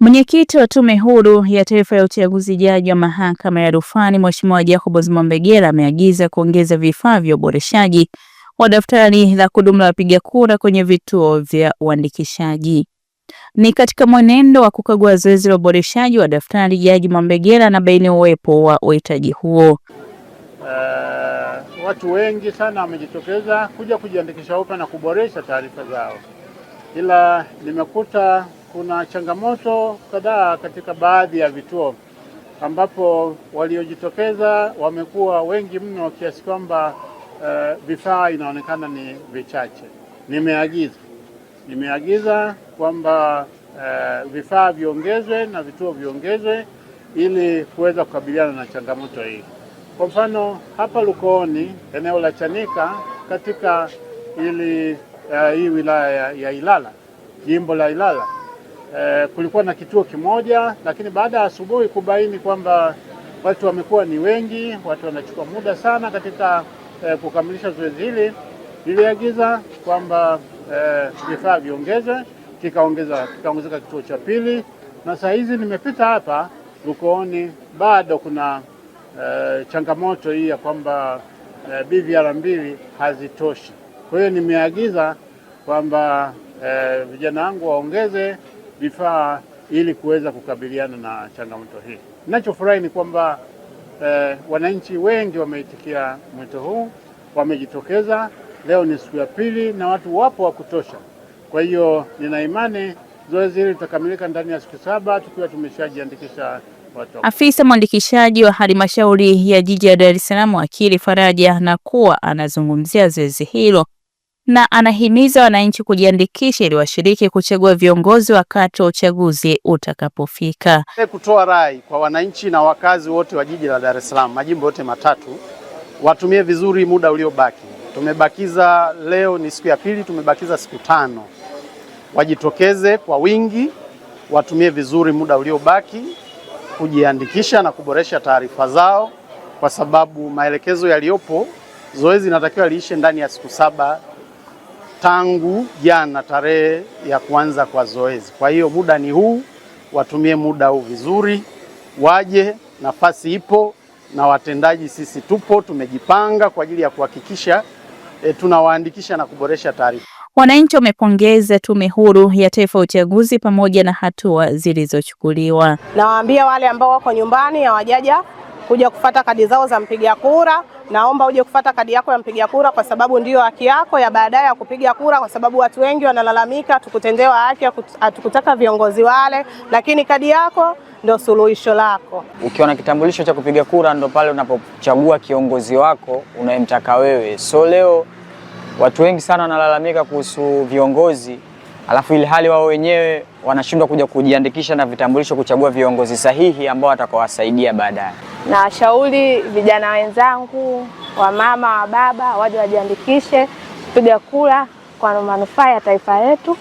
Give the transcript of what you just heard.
Mwenyekiti wa Tume Huru ya Taifa ya Uchaguzi, Jaji wa Mahakama ya Rufani Mheshimiwa Jacob Zimombegela ameagiza kuongeza vifaa vya uboreshaji wa daftari la kudumu la wapiga kura kwenye vituo vya uandikishaji. Ni katika mwenendo wa kukagua zoezi la uboreshaji wa daftari, Jaji na anabaini uwepo wa uhitaji huo. Uh, watu wengi sana wamejitokeza kuja kujiandikisha upya na kuboresha taarifa zao ila nimekuta kuna changamoto kadhaa katika baadhi ya vituo ambapo waliojitokeza wamekuwa wengi mno kiasi kwamba uh, vifaa inaonekana ni vichache. Nimeagiza nimeagiza kwamba uh, vifaa viongezwe na vituo viongezwe ili kuweza kukabiliana na changamoto hii. Kwa mfano hapa Lukooni, eneo la Chanika katika ili ya eh, hii wilaya ya, ya Ilala, jimbo la Ilala. E, kulikuwa na kituo kimoja, lakini baada ya asubuhi kubaini kwamba watu wamekuwa ni wengi, watu wanachukua muda sana katika e, kukamilisha zoezi hili, niliagiza kwamba vifaa e, viongezwe, kikaongeza kikaongezeka kituo cha pili, na saa hizi nimepita hapa Lukooni bado kuna e, changamoto hii ya kwamba e, BVR mbili hazitoshi. Kwa hiyo nimeagiza kwamba eh, vijana wangu waongeze vifaa ili kuweza kukabiliana na changamoto hii. Ninachofurahi ni kwamba eh, wananchi wengi wameitikia mwito huu, wamejitokeza. Leo ni siku ya pili na watu wapo wa kutosha. Kwa hiyo nina imani zoezi hili litakamilika ndani ya siku saba tukiwa tumeshajiandikisha watu. Afisa mwandikishaji wa halmashauri ya jiji la Dar es Salaam, Wakili Faraja, na kuwa anazungumzia zoezi hilo na anahimiza wananchi kujiandikisha ili washiriki kuchagua viongozi wakati wa uchaguzi utakapofika. Kutoa rai kwa wananchi na wakazi wote wa jiji la Dar es Salaam, majimbo yote matatu, watumie vizuri muda uliobaki. Tumebakiza, leo ni siku ya pili, tumebakiza siku tano. Wajitokeze kwa wingi, watumie vizuri muda uliobaki kujiandikisha na kuboresha taarifa zao, kwa sababu maelekezo yaliyopo, zoezi linatakiwa liishe ndani ya siku saba tangu jana tarehe ya kuanza kwa zoezi. Kwa hiyo muda ni huu, watumie muda huu vizuri, waje, nafasi ipo na watendaji sisi tupo, tumejipanga kwa ajili ya kuhakikisha e, tunawaandikisha na kuboresha taarifa. Wananchi wamepongeza Tume Huru ya Taifa ya Uchaguzi pamoja na hatua zilizochukuliwa. Nawaambia wale ambao wako nyumbani hawajaja kuja kufata kadi zao za mpiga kura naomba uje kufata kadi yako ya mpiga kura, kwa sababu ndiyo haki yako ya baadaye ya kupiga kura, kwa sababu watu wengi wanalalamika, tukutendewa haki, hatukutaka viongozi wale, lakini kadi yako ndio suluhisho lako. Ukiwa na kitambulisho cha kupiga kura, ndo pale unapochagua kiongozi wako unayemtaka wewe. So leo watu wengi sana wanalalamika kuhusu viongozi alafu ili hali wao wenyewe wanashindwa kuja kujiandikisha na vitambulisho kuchagua viongozi sahihi ambao watakawasaidia baadaye na washauri vijana wenzangu, wa mama wa baba, waje wajiandikishe kupiga kura kwa manufaa ya taifa letu.